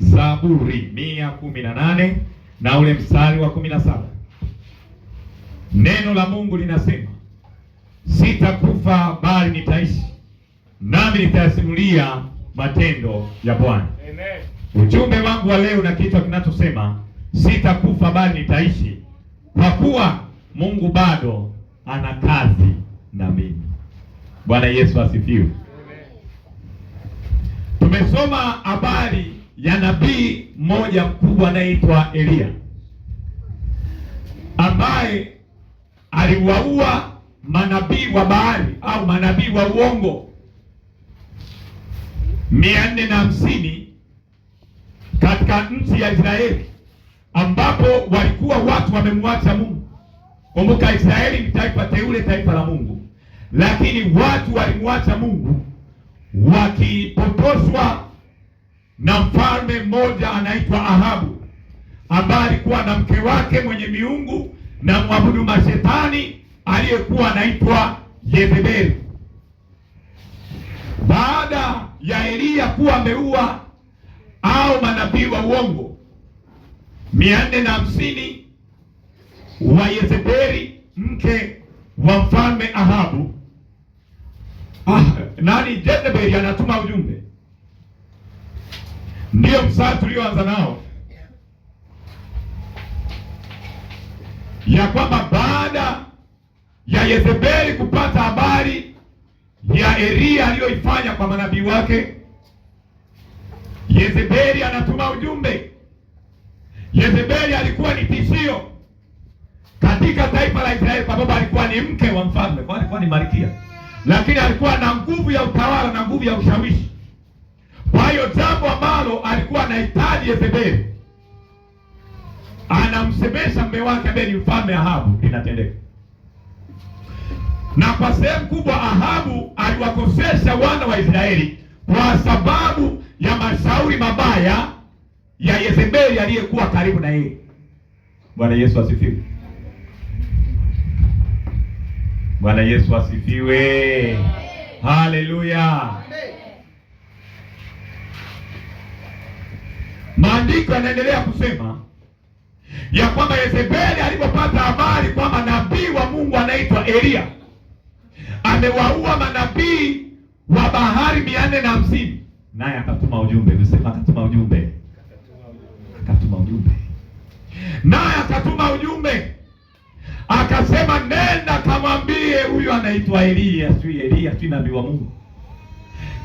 Zaburi mia kumi na nane na ule mstari wa kumi na saba neno la Mungu linasema sitakufa bali nitaishi, nami nitayasimulia matendo ya Bwana. Ujumbe wangu wa leo na kichwa kinachosema sitakufa bali nitaishi, kwa kuwa Mungu bado ana kazi na mimi. Bwana Yesu asifiwe. Tumesoma habari ya nabii mmoja mkubwa anayeitwa Eliya ambaye aliwaua manabii wa Baali au manabii wa uongo mia nne na hamsini katika nchi ya Israeli ambapo walikuwa watu wamemwacha Mungu. Kumbuka, Israeli ni taifa teule, taifa la Mungu, lakini watu walimwacha Mungu wakipotoshwa na mfalme mmoja anaitwa Ahabu ambaye alikuwa na mke wake mwenye miungu na mwabudu mashetani aliyekuwa anaitwa Yezebeli. Baada ya Eliya kuwa ameua au manabii wa uongo mia nne na hamsini wa Yezebeli mke wa mfalme Ahabu, ah, nani Jezebeli anatuma ujumbe Ndiyo mstari tulioanza nao ya kwamba baada ya Yezebeli kupata habari ya eria aliyoifanya kwa manabii wake, Yezebeli anatuma ujumbe. Yezebeli alikuwa ni tishio katika taifa la Israeli kwa sababu alikuwa ni mke wa mfalme, kwa alikuwa ni malkia, lakini alikuwa na nguvu ya utawala na nguvu ya ushawishi kwa hiyo jambo ambalo alikuwa anahitaji Yezebeli, anamsemesha mme wake ambaye ni mfalme Ahabu, inatendeka Na kwa sehemu kubwa Ahabu aliwakosesha wana wa Israeli kwa sababu ya mashauri mabaya ya Yezebeli aliyekuwa karibu na yeye. Bwana Yesu asifiwe. Bwana Yesu asifiwe. Haleluya. Maandiko yanaendelea kusema ya kwamba Yezebeli alipopata habari kwamba nabii wa Mungu anaitwa Eliya amewaua manabii wa bahari mia nne na hamsini naye akatuma ujumbe, usema akatuma ujumbe, akatuma ujumbe, naye akatuma ujumbe akasema, nenda kamwambie huyu anaitwa Eliya, sijui Eliya, sijui nabii wa Mungu,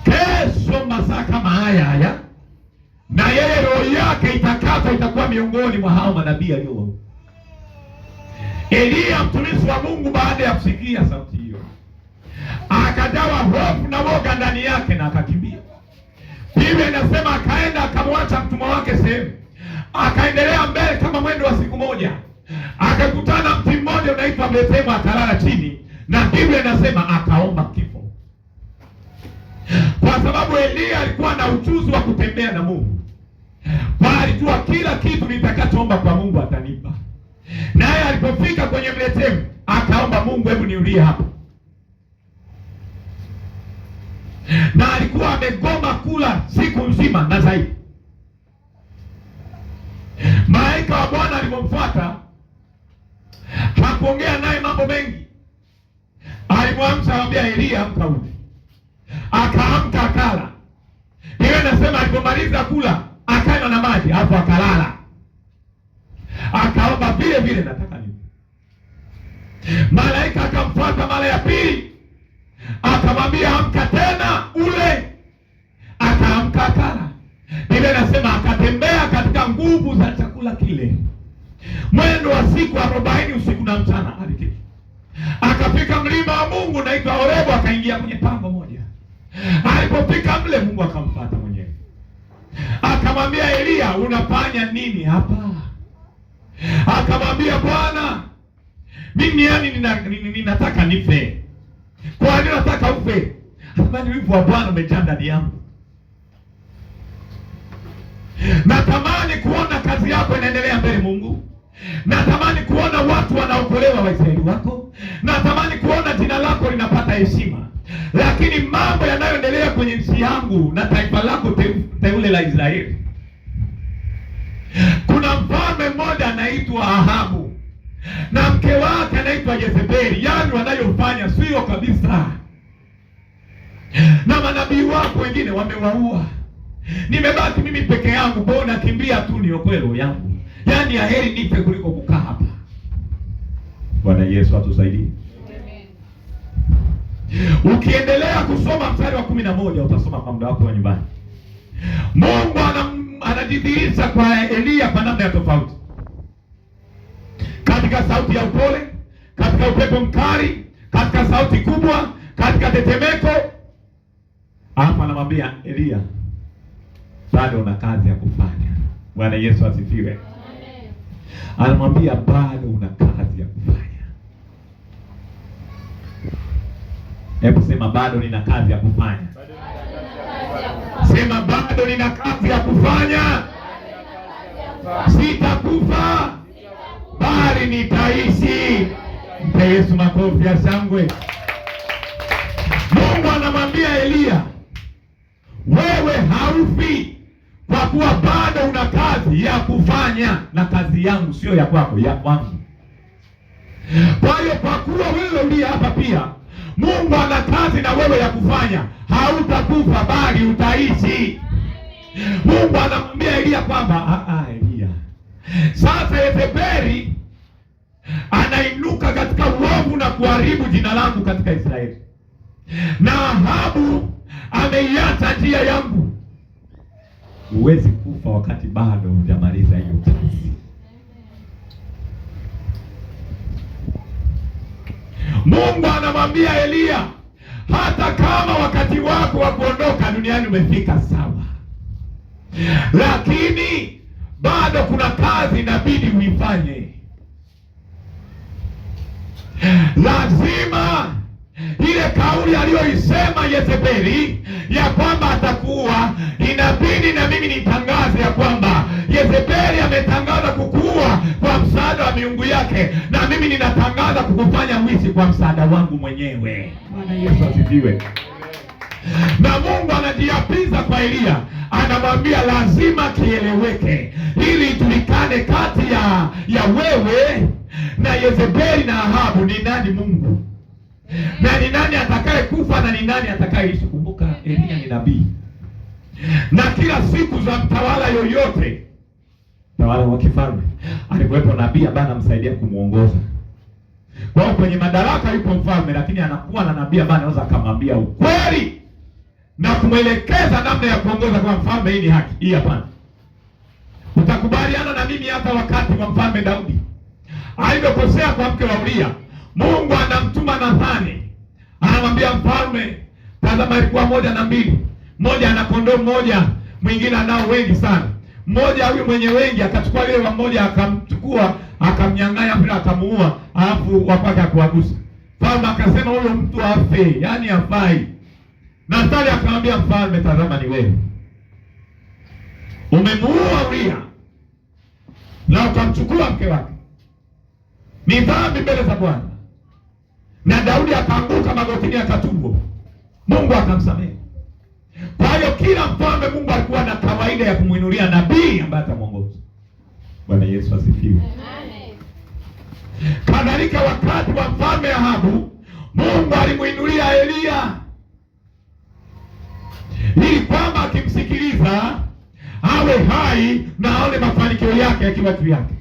kesho masaa kama haya haya na yeye roho yake itakata itakuwa miongoni mwa hao manabii aliyo Eliya mtumishi wa Mungu baada ya kusikia sauti hiyo akajawa hofu na woga ndani yake na akakimbia. Biblia inasema akaenda akamwacha mtumwa wake sehemu, akaendelea mbele kama mwendo wa siku moja, akakutana mti mmoja unaitwa Betema, akalala chini, na Biblia inasema akaomba kifo, kwa sababu Eliya alikuwa na ujuzi wa kutembea na Mungu kwa kila kitu nitakachoomba kwa Mungu atanipa. Naye alipofika kwenye Mletemu akaomba Mungu, hebu niulie hapa, na alikuwa amegoma kula siku nzima na zaidi. Malaika wa Bwana alipomfuata hakuongea naye mambo mengi, alimwamsha akamwambia, Elia, amka ule. Akaamka akala. iwe nasema alipomaliza kula akanywa na maji, alafu akalala, akaomba vile vile, nataka nini? Malaika akamfuata mara ya pili, akamwambia amka tena ule. Akaamka akala. Biblia inasema akatembea katika nguvu za chakula kile mwendo wa siku arobaini usiku na mchana, alik akafika mlima wa Mungu naitwa Horebu, akaingia kwenye pango moja. Alipofika mle, Mungu akampata. Akamwambia Eliya, unafanya nini hapa? Akamwambia, Bwana, mimi yani ninataka nina, nina nife. Kwa nini nataka ufe? Natamani wivu wa Bwana umejaa ndani yangu, natamani kuona kazi yako inaendelea mbele, Mungu Natamani kuona watu wanaokolewa, Waisraeli wako. Natamani kuona jina lako linapata heshima, lakini mambo yanayoendelea kwenye nchi yangu na taifa lako teule la Israeli, kuna mfalme mmoja anaitwa Ahabu na mke wake anaitwa Yezebeli. Yani wanayofanya sio kabisa, na manabii wako wengine wamewaua. Nimebaki mimi peke yangu, Bona kimbia tu niokoe roho yangu ndani ya heri nipe kuliko kukaa hapa. Bwana Yesu atusaidie. Ukiendelea kusoma mstari wa kumi na moja utasoma kwa muda wako wa nyumbani. Mungu anajidhihirisha kwa Eliya kwa namna ya tofauti, katika sauti ya upole, katika upepo mkali, katika sauti kubwa, katika tetemeko. Hapa anamwambia Eliya, bado una kazi ya kufanya. Bwana Yesu asifiwe anamwambia bado una kazi ya kufanya. Hebu sema bado nina kazi ya kufanya. Sema bado nina kazi ya kufanya. Sitakufa bali nitaishi. Mpe Yesu makofi ya shangwe. Mungu anamwambia Eliya, wewe haufi kwa kuwa bado una kazi ya kufanya, na kazi yangu sio ya kwako, ya kwangu. Kwa hiyo kwa kuwa wewe uliye hapa pia Mungu ana kazi na wewe ya kufanya, hautakufa bali utaishi. Mungu anamwambia Elia kwamba ah, ah, Elia, sasa Yezebeli anainuka katika uovu na kuharibu jina langu katika Israeli, na Ahabu ameiacha njia yangu huwezi kufa wakati bado hujamaliza hiyo kazi. Mungu anamwambia Eliya, hata kama wakati wako wa kuondoka duniani umefika, sawa, lakini bado kuna kazi inabidi uifanye, lazima ile kauli aliyoisema Yezebeli ya kwamba atakuwa, inabidi na mimi nitangaze ya kwamba Yezebeli ametangaza kukua kwa msaada wa miungu yake, na mimi ninatangaza kukufanya mwizi kwa msaada wangu mwenyewe. Bwana Yesu asifiwe. Na Mungu anajiapiza kwa Eliya, anamwambia lazima kieleweke, ili ijulikane kati ya ya wewe na Yezebeli na Ahabu ni nani Mungu na ni nani atakaye kufa na ni nani atakayeishi. Kumbuka Elia ni nabii, na kila siku za mtawala yoyote, mtawala wa kifalme, alikuwepo nabii ambaye anamsaidia kumwongoza. Kwa hiyo kwenye madaraka yuko mfalme, lakini anakuwa na nabii ambaye anaweza akamwambia ukweli na kumwelekeza namna ya kuongoza. Kwa mfalme, hii ni haki, hii hapana. Utakubaliana na mimi hapa wakati wa mfalme Daudi alivyokosea kwa mke wa Uria Mungu anamtuma Nathani, anamwambia mfalme, tazama, alikuwa moja na mbili, mmoja ana kondoo mmoja, mwingine anao wengi sana. Mmoja huyu mwenye wengi akachukua yule wa mmoja, akamchukua akamnyang'anya bila, akamuua, alafu wapaka akuagusa Mfalme akasema huyo mtu afe, yani afai Nathani akamwambia mfalme, tazama, ni wewe umemuua Uria na ukamchukua mke wake, ni dhambi mbele za Bwana na Daudi akaanguka magotini akatubwa, Mungu akamsamehe. Kwa hiyo kila mfalme Mungu alikuwa na kawaida ya kumwinulia nabii ambaye atamwongoza. Bwana Yesu asifiwe. Kadhalika wakati wa mfalme Ahabu, Mungu alimwinulia Eliya ili kwamba akimsikiliza awe hai na aone mafanikio yake akiwa juu yake.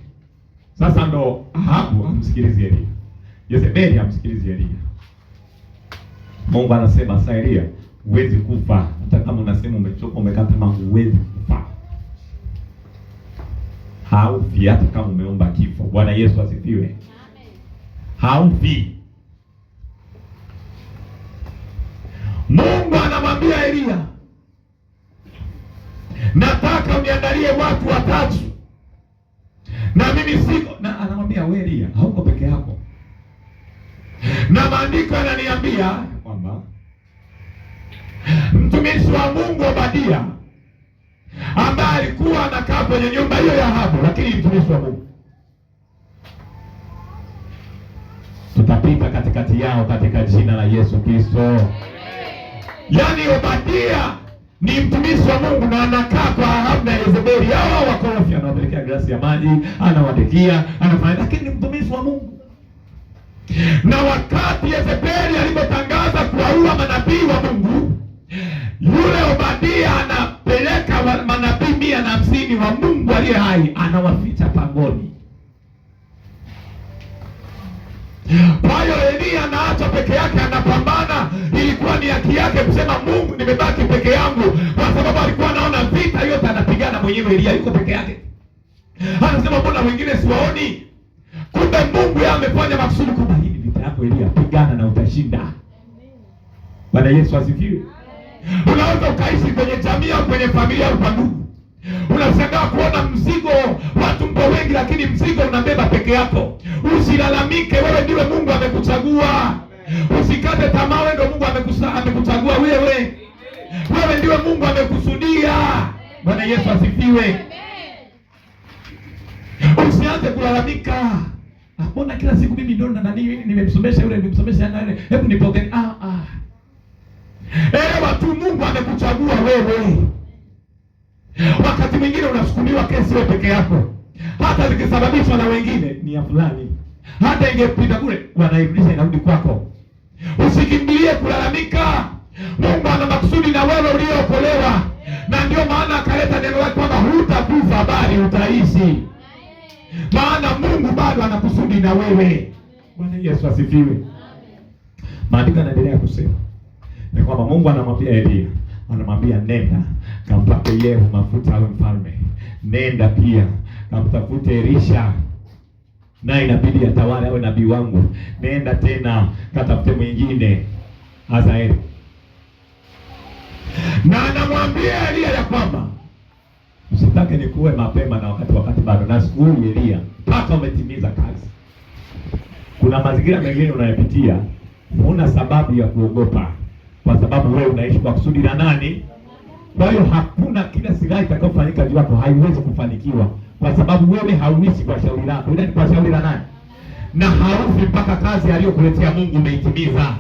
Sasa ndo Ahabu amsikilizi Eliya Yezebeli amsikilizi Elia. Mungu anasema saa Elia, huwezi kufa. Hata kama unasema umechoka, umekata tamaa, huwezi kufa, haufi hata kama umeomba kifo. Bwana Yesu asifiwe, haufi. Mungu anamwambia Elia, nataka uniandalie watu watatu na mimi siko na, anamwambia wewe Elia, hauko peke yako na maandiko yananiambia kwamba mtumishi wa Mungu Obadia ambaye alikuwa anakaa kwenye nyumba hiyo ya Ahabu, lakini mtumishi wa Mungu. Tutapita katikati yao katika jina la Yesu Kristo. Yaani Obadia ni mtumishi wa Mungu na anakaa kwa Ahabu na Yezebeli, hao wakofya anawapelekea glasi ya maji, anawadekia, anafanya, lakini ni mtumishi wa Mungu. Na wakati Yezebeli alipotangaza kuwaua manabii wa Mungu, yule Obadia anapeleka manabii mia na hamsini wa Mungu aliye hai, anawaficha pangoni. Kwa hiyo Elia anaachwa peke yake, anapambana. Ilikuwa ni haki yake kusema Mungu, nimebaki peke yangu, kwa sababu alikuwa anaona vita yote anapigana mwenyewe. Elia yuko peke yake, anasema mbona wengine siwaoni? Kumbe Mungu yeye amefanya maksudi kwamba hii ni vita yako Eliya, pigana na utashinda. Bwana Yesu asifiwe. Unaweza ukaishi kwenye jamii au kwenye familia au kwa ndugu, unashangaa kuona mzigo, watu mko wengi, lakini mzigo unabeba peke yako. Usilalamike, wewe ndiwe Mungu amekuchagua. Usikate tamaa, wewe ndio Mungu amekuchagua wewe, wewe ndiwe Mungu amekusudia. Bwana Yesu asifiwe. Usianze kulalamika. Mbona kila siku mimi ndio na nani nimemsomesha yule nimemsomesha yana yule. Hebu nipoke. Ah ah. Eh, tu Mungu amekuchagua wewe. Wakati mwingine unasukumiwa kesi wewe peke yako. Hata zikisababishwa na wengine ni ya fulani. Hata ingepita kule wanairudisha inarudi kwako. Usikimbilie kulalamika. Mungu ana makusudi na wewe uliyookolewa. Na ndio maana akaleta neno lake kwamba hutakufa bali utaishi maana Mungu bado anakusudi na wewe. Bwana Yesu asifiwe. Maandiko yanaendelea kusema ni kwamba Mungu anamwambia Elia, anamwambia nenda kampate Yehu mafuta awe mfalme, nenda pia kamtafute Elisha naye inabidi atawale awe nabii wangu, nenda tena katafute mwingine Hazaeli, na anamwambia Elia ya kwamba Usitake nikuwe mapema na wakati wakati bado, na siku hii mpaka umetimiza kazi. Kuna mazingira mengine unayapitia, huna sababu ya kuogopa, kwa sababu wewe unaishi kwa kusudi la nani? Kwa hiyo hakuna kila silaha itakayofanyika juu yako haiwezi kufanikiwa, kwa sababu wewe hauishi kwa shauri lako, ila ni kwa shauri la nani? Na haufi mpaka kazi aliyokuletea Mungu umeitimiza,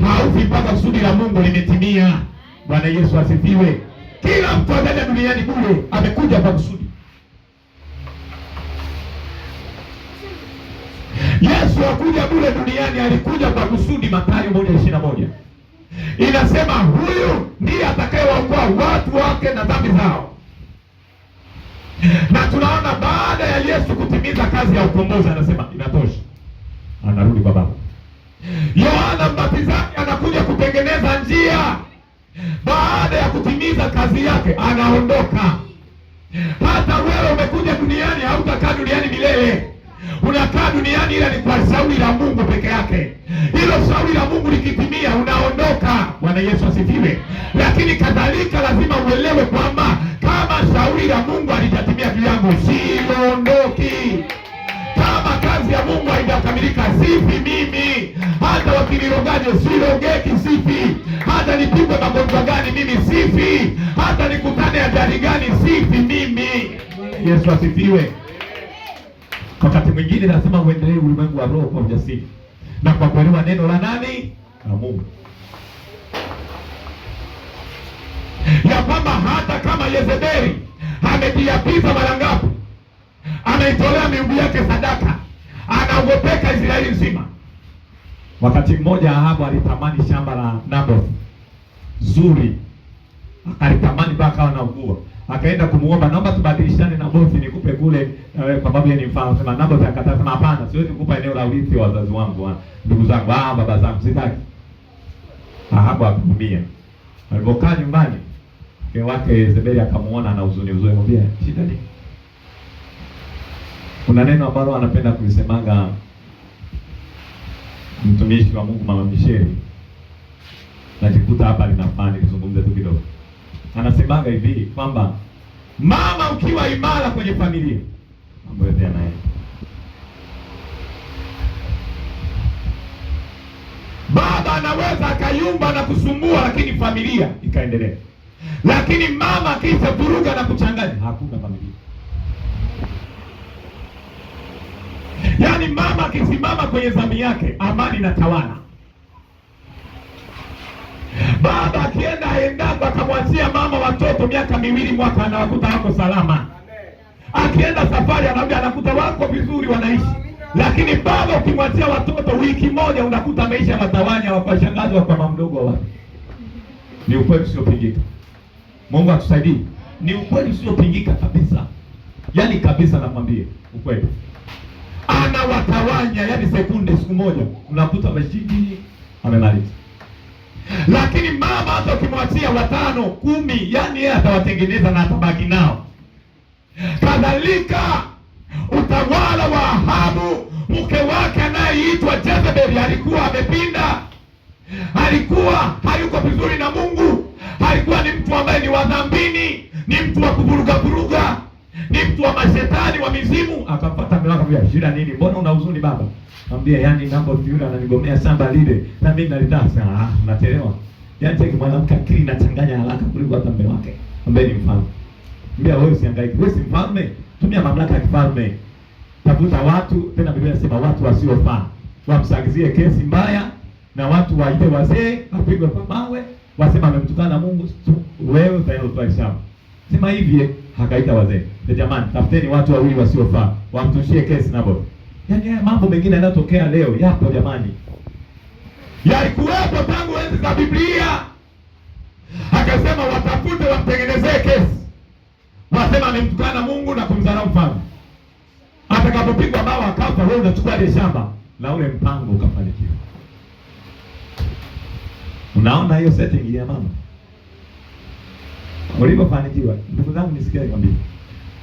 haufi mpaka kusudi la Mungu limetimia. Bwana Yesu asifiwe. Kila mtu anaenda duniani bure, amekuja kwa kusudi. Yesu hakuja bure duniani, alikuja kwa kusudi. Mathayo moja ishirini na moja inasema huyu ndiye atakayeokoa watu wake na dhambi zao, na tunaona baada ya Yesu kutimiza kazi ya ukombozi, anasema inatosha, anarudi kwa Baba. Yohana Mbatizaji anakuja kutengeneza njia baada ya kutimiza kazi yake anaondoka. Hata wewe umekuja duniani, hautakaa duniani milele. Unakaa duniani, ila ni kwa shauri la Mungu peke yake. Hilo shauri la Mungu likitimia, unaondoka. Bwana Yesu asifiwe. Lakini kadhalika, lazima uelewe kwamba kama shauri la Mungu halijatimia juu yangu, siondoki kazi ya Mungu haijakamilika, sifi mimi. Hata wakinirogaje, sirogeki, sifi. Hata nipigwe magonjwa gani, mimi sifi. Hata nikutane ajali gani, sifi mimi. Yesu asifiwe. Wakati mwingine lazima uendelee ulimwengu wa roho kwa ujasiri na kwa kuelewa neno la nani na Mungu, ya kwamba hata kama Yezebeli amejiapiza mara ngapi, ameitolea miungu yake sadaka anaogopeka Israeli nzima. Wakati mmoja Ahabu alitamani shamba la Naboth zuri, akalitamani mpaka akawa anaugua, akaenda kumuomba, naomba tubadilishane na Naboth, nikupe kule uh, kwa sababu yeye ni mfano. Sema Naboth akataka, sema hapana, siwezi kukupa eneo la urithi wa wazazi wangu, wa ndugu zangu, ah, baba zangu, sitaki. Ahabu akaumia. Alipokaa nyumbani, mke wake Yezebeli akamuona na huzuni, huzuni, mwambia shida nini? Kuna neno ambalo anapenda kulisemanga mtumishi wa Mungu Mama Misheri, najikuta hapa linafaa nilizungumza tu kidogo. Anasemaga hivi kwamba mama ukiwa imara kwenye familia, mambo yote yanaenda. Baba anaweza akayumba na kusumbua, lakini familia ikaendelea. Lakini mama vuruga na kuchanganya, hakuna familia. Yaani mama akisimama kwenye zamu yake, amani inatawala. Baba akienda endako, akamwachia mama watoto miaka miwili, mwaka anawakuta wako salama. Akienda safari, anarudi anakuta wako vizuri, wanaishi. Lakini baba ukimwachia watoto wiki moja, unakuta maisha matawanya, wakashangazi wakwa mdogo wa ni ukweli usiopingika. Mungu atusaidie, ni ukweli usiopingika kabisa, yaani kabisa, namwambie ukweli anawatawanya yani sekunde, siku moja unakuta mashini amemaliza. Lakini mama hata ukimwachia watano kumi, yani yeye atawatengeneza na atabaki nao. Kadhalika utawala wa Ahabu, mke wake anayeitwa Jezebeli alikuwa amepinda, alikuwa hayuko vizuri na Mungu, alikuwa ni mtu ambaye ni wadhambini, ni mtu wa kuvuruga vuruga ni mtu wa mashetani wa mizimu. Akapata mlango vya shida nini, mbona una huzuni baba? Mwambie yani mambo yule ananigomea samba lile na mimi nalitaka sana. Ah, unachelewa. Yaani tena mwanamke akili inachanganya haraka kuliko hata mbele wake Mbele ni mfalme. Mbia wewe usihangaike, wewe si mfalme, tumia mamlaka ya kifalme. Tafuta watu, tena Biblia inasema watu wasiofaa. Wamsagizie kesi mbaya na watu waite wazee, apigwe kwa mawe, wasema amemtukana Mungu, wewe utaenda utoa hesabu. Sema hivi, hakaita wazee. Eh, jamani, tafuteni watu wawili wasiofaa wamtushie kesi na boda. Yaani haya mambo mengine yanayotokea leo yapo jamani, yalikuwepo tangu enzi za Biblia. Akasema watafute wamtengenezee kesi, wasema amemtukana Mungu na kumdharau mfalme, atakapopigwa bawa akafa, wewe unachukua ile shamba na ule mpango ukafanikiwa. Unaona hiyo setting ya mama ulivyofanikiwa. Ndugu zangu, nisikie nikwambie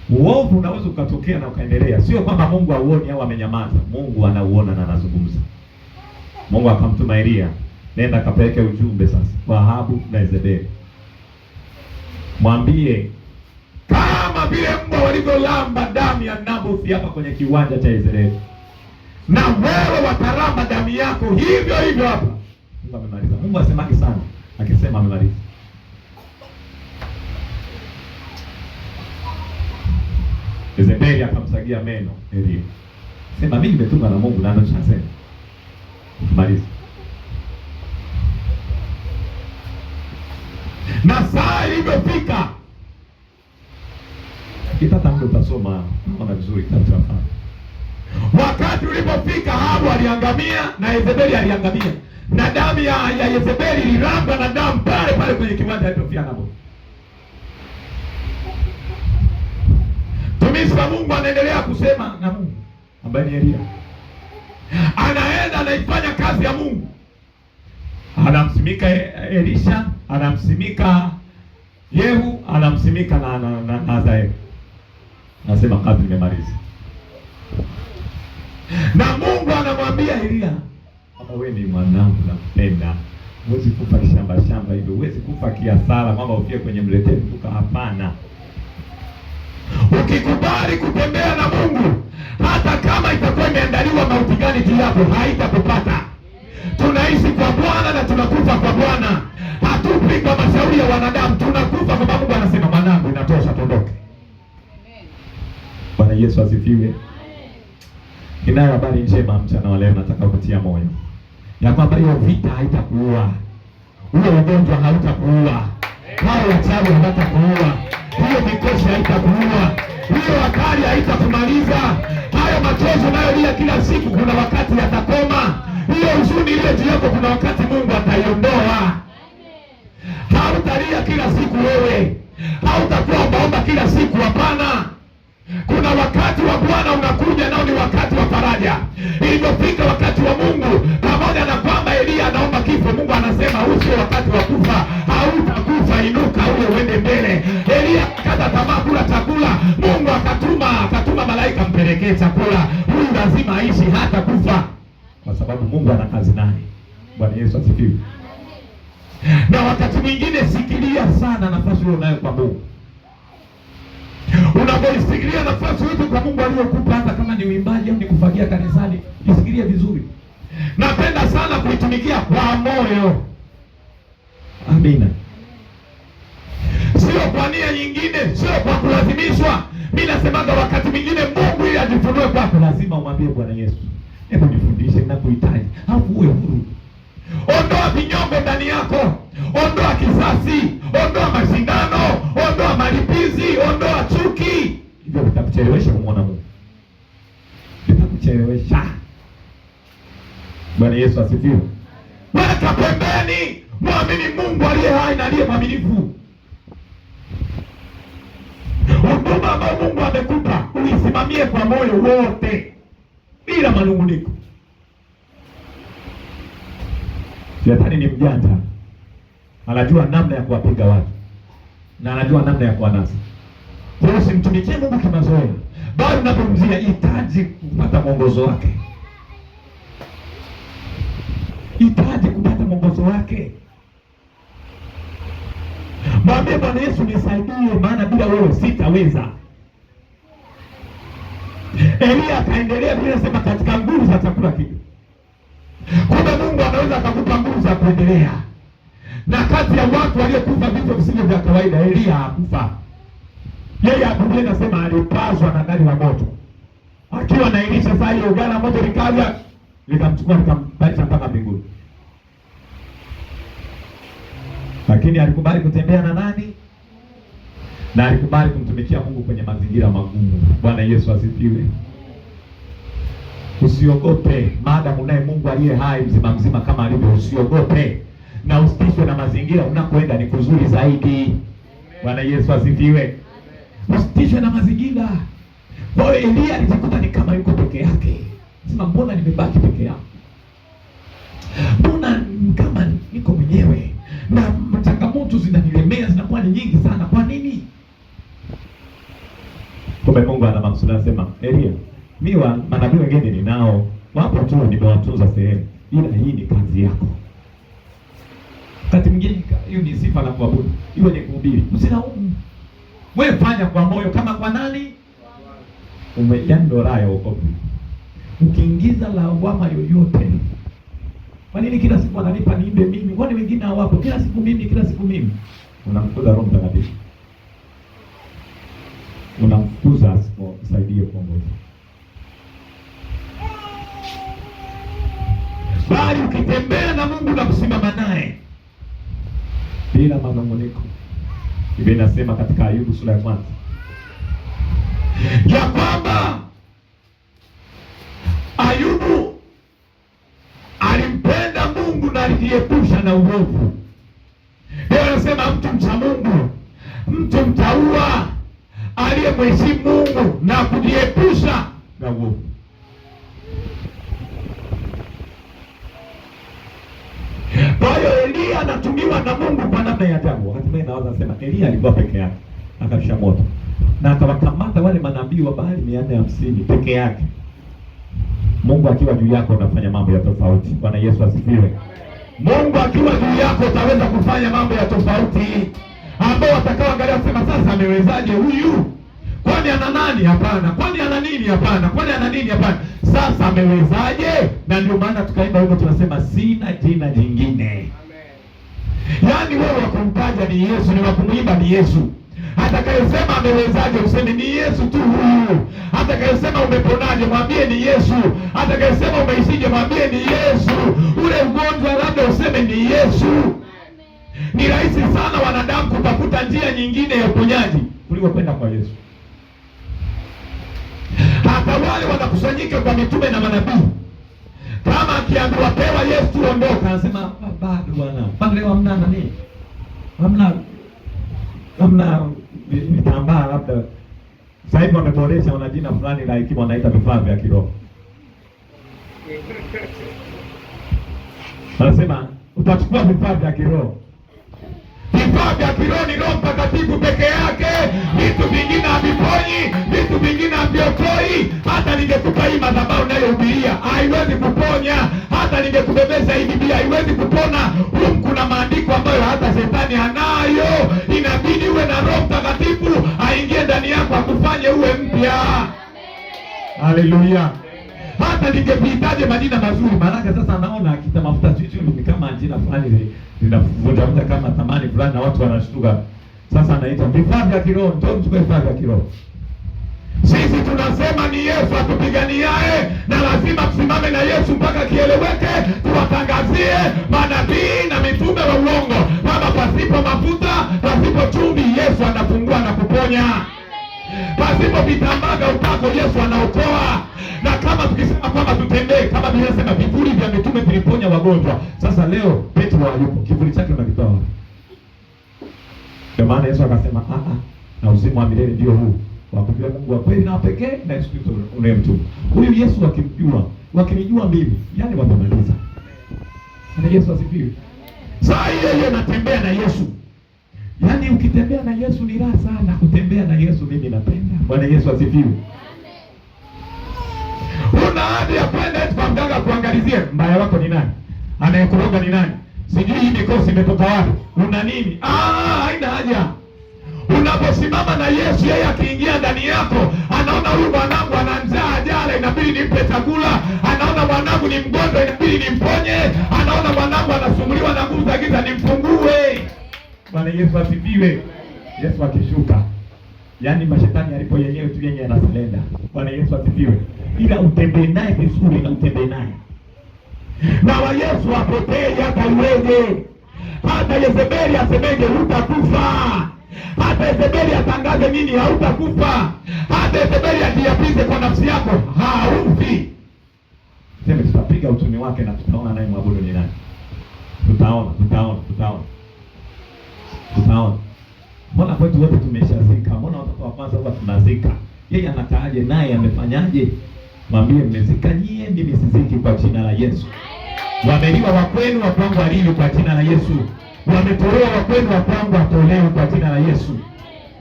Uovu unaweza ukatokea na ukaendelea, sio kwamba Mungu auoni au amenyamaza. Mungu anauona na anazungumza. Mungu akamtuma Elia, nenda kapeleke ujumbe sasa kwa Ahabu na Yezebeli, mwambie kama vile mbwa walivyolamba damu ya Nabothi hapa kwenye kiwanja cha Yezreeli, na wewe wataramba damu yako hivyo hivyo hapa. Mungu amemaliza. Mungu asemaki sana, akisema amemaliza. Yezebeli akamsagia meno Elia. Sema mimi nimetumwa na Mungu na ndio nasema. Maliza. Na saa ilipofika kitata mtu utasoma kama vizuri kitabu cha Wakati ulipofika Ahabu aliangamia na Yezebeli aliangamia. Na damu ya, Yezebeli iliramba na damu pale pale kwenye kiwanja alipofia Nabothi. Mtumishi wa Mungu anaendelea kusema na Mungu ambaye ni Elia, anaenda anaifanya kazi ya Mungu, anamsimika e-, Elisha, anamsimika Yehu, anamsimika na na na, nasema kazi imemaliza, na Mungu anamwambia Elia, kama wewe ni mwanangu nampenda huwezi kufa kishamba shamba hivyo, huwezi kufa kiasara, mama ufie kwenye mletee mtuka. Hapana ukikubali kutembea na Mungu, hata kama itakuwa imeandaliwa mauti gani juu yako, haitakupata. Tunaishi kwa Bwana na tunakufa kwa Bwana, hatupi kwa mashauri ya wanadamu. Tunakufa kwa sababu Bwana anasema, mwanangu, inatosha, tondoke. Bwana Yesu asifiwe. Ninayo habari njema mchana wa leo, nataka kutia moyo ya kwamba hiyo vita haitakuua, huo ugonjwa hautakuua, hao wachawi hawatakuua hiyo mikosi haitakuua, hiyo wakali haitakumaliza. Hayo machozi unayolia kila siku, kuna wakati yatakoma. Hiyo huzuni ile juu yako, kuna wakati Mungu ataiondoa. Hautalia kila siku wewe, hautakuwa ombaomba kila siku, hapana. Kuna wakati wa Bwana unakuja nao, ni wakati wa faraja. Ilipofika wakati wa Mungu, pamoja na kwamba Eliya anaomba kifo, Mungu anasema huu sio wakati wa kufa. mpelekee chakula, huyu lazima aishi hata kufa, kwa sababu Mungu ana kazi naye. Bwana Yesu asifiwe. Na wakati mwingine, sikilia sana nafasi hiyo nayo kwa Mungu. Unapoisikilia nafasi yote kwa Mungu aliyokupa, hata kama ni uimbaji au ni kufagia kanisani, isikilie vizuri. Napenda sana kuitumikia kwa moyo. Amina. Sio kwa nia nyingine, sio kwa kulazimishwa. Mimi nasemaga wakati mwingine Mungu ili ajifunue kwako, lazima umwambie Bwana Yesu, hebu nifundishe, ninakuhitaji. Hapo uwe huru, ondoa vinyongo ndani yako, ondoa kisasi, ondoa mashindano, ondoa malipizi, ondoa chuki. Hivyo vitakuchelewesha kumwona Mungu, vitakuchelewesha. Bwana Yesu asifiwe. Weka pembeni, mwamini Mungu aliye hai na aliye mwaminifu. ambayo Mungu amekupa uisimamie kwa moyo wote bila manunguniko. Shetani ni mjanja, anajua namna ya kuwapiga watu na anajua namna ya kuwanasa. Kwa hiyo simtumikie Mungu kimazoea, bali unapomzia hitaji kupata mwongozo wake, hitaji kupata mwongozo wake. Mwambie Bwana Yesu, nisaidie, maana bila wewe sitaweza. Elia akaendelea vile sema katika nguvu za chakula kile. Kumbe Mungu anaweza akakupa nguvu za kuendelea. Na kati ya watu waliokufa vifo visivyo vya kawaida, Elia hakufa. Yeye Biblia inasema alipazwa na gari la moto. Akiwa na Elisha sasa, hiyo gari la moto likaja likamchukua likampandisha mpaka mbinguni. Lakini alikubali kutembea na nani? na alikubali kumtumikia Mungu kwenye mazingira magumu. Bwana Yesu asifiwe. Usiogope maadamu unaye Mungu aliye hai mzima mzima kama alivyo, usiogope na usitishwe na mazingira. Unakoenda ni kuzuri zaidi. Bwana Yesu asifiwe. Usitishwe na mazingira. Kwa hiyo Elia alijikuta ni kama yuko peke yake, sema mbona nimebaki peke yangu, mbona kama niko mwenyewe na changamoto zinanilemea zinakuwa ni nyingi sana. Kwa nini? Kumbe Mungu ana maksudi, anasema Elia, miwa manabii wengine ninao, wapo tu, nimewatunza sehemu, ila hii ni kazi yako. Wakati mwingine hiyo ni sifa la kuabudu, iwe ni kuhubiri, usilaumu wewe, fanya kwa moyo kama kwa nani umejando raya huko. Ukiingiza lawama yoyote, kwa nini kila siku ananipa niimbe mimi, kwani wengine hawapo? Kila siku mimi, kila siku mimi, unamkuza Roho Mtakatifu unamfukuza asiposaidie kuongoza. Bali ukitembea na Mungu na kusimama naye bila manunguniko, Biblia inasema katika Ayubu sura ya kwanza ya kwamba Ayubu alimpenda Mungu na alijiepusha na uovu. Ndio nasema mtu mcha kuheshimu Mungu na kujiepusha na uovu. Kwa hiyo Elia anatumiwa na Mungu kwa namna ya ajabu. Hatimaye naweza sema Elia alikuwa peke yake, akalisha moto na akawakamata wale manabii wa Baali mia nne hamsini peke yake. Mungu akiwa juu yako unafanya mambo ya tofauti. Bwana Yesu asifiwe. Mungu akiwa juu yako utaweza kufanya mambo ya tofauti, ambao angalia kusema sasa amewezaje huyu? Kwani ana nani? Hapana. Kwani ana nini? Hapana. Kwani ana nini? Hapana. Sasa amewezaje? Na ndio maana tukaimba huko tunasema sina jina jingine. Amen. Yaani wewe wakumtaja ni Yesu, ni wakumwimba ni Yesu. Atakayesema amewezaje, useme ni Yesu tu. Atakayesema umeponaje, mwambie ni Yesu. Atakayesema umeishije, mwambie ni Yesu. Ule ugonjwa labda useme ni Yesu. Ni rahisi sana wanadamu kutafuta njia nyingine ya uponyaji kuliko kwenda kwa Yesu hata wale wanakusanyika kwa mitume na manabii, kama akiambiwa pewa Yesu ondoka, anasema ah, bado bwana, bado leo hamna nani, hamna hamna vitambaa labda sasa hivi wameboresha, wana jina fulani la hekima wanaita vifaa vya kiroho. Anasema utachukua vifaa vya kiroho vifaa vya kironi, Roho Mtakatifu peke yake. Vitu vingine haviponyi, vitu vingine haviokoi. Hata ningekupa hii madhabahu unayohubiria haiwezi kuponya, hata ningekubebesha hii Biblia haiwezi kupona. Humu kuna maandiko ambayo hata shetani anayo Inabidi uwe na Roho Mtakatifu aingie ndani yako akufanye uwe mpya. Haleluya! hata ningekuitaje majina mazuri, maanake sasa anaona akita mafuta chuchu ni kama jina fulani linavunja muda kama thamani fulani, na watu wanashtuka. Sasa anaita vifaa vya kiroho, ndio mchukue vifaa vya kiroho. Sisi tunasema ni Yesu atupiganiae, na lazima tusimame na Yesu mpaka kieleweke, tuwatangazie manabii na mitume wa uongo kwamba pasipo mafuta, pasipo chumvi, Yesu anafungua na kuponya pasipo vitambaga upako Yesu anaokoa. Na kama tukisema kwamba tutembee kama Biblia inasema vivuli vya mitume viliponya wagonjwa, sasa leo Petro hayupo, kivuli chake unakitoa wapi? Ndio maana Yesu akasema ah, ah, na uzima wa milele ndio huu wakujua Mungu wa kweli na pekee na Yesu Kristo unayemtuma. Huyu Yesu wakimjua, wakinijua mimi, yani wamemaliza. Na Yesu asifiwe. Saa hiyo hiyo natembea na Yesu. Yaani ukitembea na Yesu ni raha sana. Kutembea na Yesu mimi napenda. Bwana Yesu asifiwe. Una hadi ya kwenda kwa mganga kuangalizie mbaya wako ni nani? Anayekuroga ni nani? Sijui hii mikosi imetoka wapi? Una nini? Ah, haina haja. Unaposimama na Yesu yeye akiingia ndani yako, anaona huyu mwanangu ana njaa, ajala, inabidi nimpe chakula. Anaona mwanangu ni mgonjwa, inabidi nimponye. Anaona mwanangu anasumbuliwa na nguvu za giza, nimfungue. Bwana Yesu asifiwe. Yesu akishuka, yaani mashetani alipo yenyewe tu yenyewe anasalenda. Bwana Yesu asifiwe, ila utembee naye vizuri na utembee naye na wa Yesu apotee hata iweje, hata Yezebeli asemeje hutakufa hata Yezebeli atangaze nini, hautakufa. Hata Yezebeli ajiapize kwa nafsi yako, haufi. Sema tutapiga uchumi wake na tutaona naye mwabudu ni nani. Tutaona, tutaona, tutaona tunaona mbona kwetu wote tumeshazika? Mbona watoto wa kwanza huwa tunazika? Yeye anakaaje? Naye amefanyaje? Mwambie mmezika nyie, mimi siziki, kwa jina la Yesu. Wameliwa wa kwenu, wa kwangu alili kwa jina la Yesu. Wametolewa wa kwenu, wa kwangu atolewe, kwa jina la Yesu.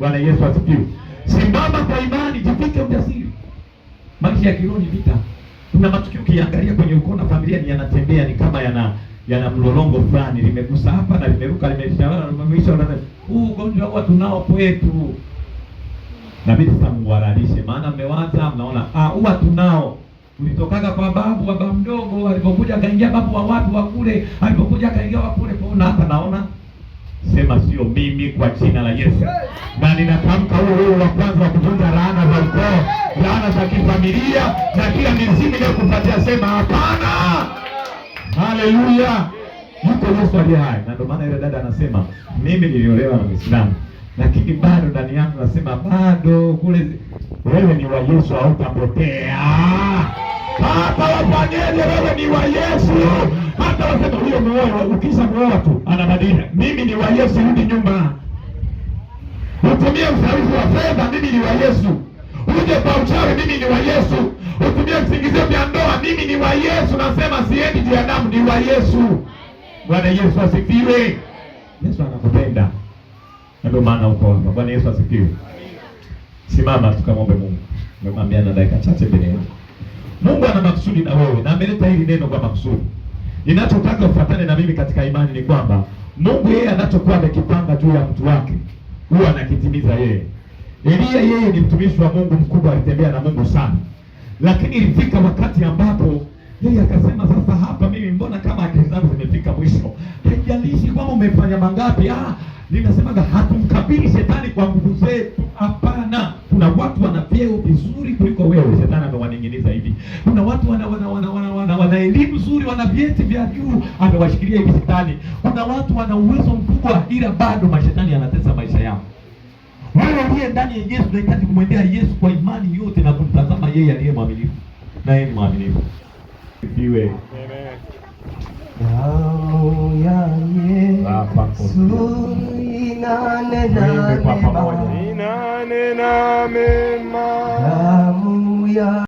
Bwana Yesu asifiwe. Simama kwa imani, jivike ujasiri. Maisha ya kiroho ni vita. Kuna matukio ukiangalia kwenye ukoo na familia ni yanatembea ni kama yana yana mlolongo fulani, limegusa hapa na limeruka, na Huu ugonjwa huwa tunao kwetu, nabidi sasa mwaralishe, maana mmewaza, mnaona ah, huwa tunao ulitokaga kwa babu wa babu mdogo, alipokuja akaingia babu wa watu wa kule, alipokuja akaingia wa kule. Kwaona hapa naona sema sio mimi, kwa jina la Yesu, na ninatamka huo huo wa kwanza wa kuvunja laana za ukoo, laana za kifamilia na kila mizimu inayokupatia, sema hapana. Haleluya, yuko Yesu aliye hai. Na ndio maana yule dada anasema mimi niliolewa na Muislamu, lakini bado ndani yangu nasema bado kule, wewe ni wa Yesu, hautapotea. Hata wafanyeje, wewe ni wa Yesu. Hata wasema huyo mwoa, ukisha mwoa tu anabadilika, mimi ni wa Yesu, rudi nyumba, utumie ushawishi wa fedha, mimi ni wa Yesu uje kwa uchawi, mimi ni wa Yesu. Utumie visingizio vya ndoa, mimi ni wa Yesu. Nasema siendi juu ya damu, ni wa Yesu. Bwana Yesu asifiwe. Yesu anakupenda, ndio maana uko hapa. Bwana Yesu asifiwe. Simama tukamwombe Mungu. Nimemwambia na dakika chache mbele yetu. Mungu ana makusudi na wewe na ameleta hili neno kwa makusudi. Ninachotaka ufuatane na mimi katika imani ni kwamba Mungu yeye anachokuwa amekipanga juu ya mtu wake huwa anakitimiza yeye elia yeye ni mtumishi wa Mungu mkubwa, alitembea na Mungu sana, lakini ilifika wakati ambapo yeye akasema, sasa hapa mimi mbona kama akili zangu zimefika mwisho. Haijalishi kwamba umefanya mangapi. Ah, ninasemaga hatumkabili shetani kwa nguvu zetu, hapana. Kuna watu wana vyeo vizuri kuliko wewe, shetani amewaning'iniza hivi. Kuna watu wana wana wana wana wana, wana elimu nzuri, wana vyeti vya juu, amewashikilia hivi shetani. Kuna watu wana uwezo mkubwa, ila bado mashetani anatesa maisha yao. Wewe uliye ndani ya Yesu unahitaji kumwendea Yesu kwa imani yote na kumtazama yeye aliye mwaminifu, na yeye ni mwaminifu. Iwe damu ya Yesu inanena mema, damu ya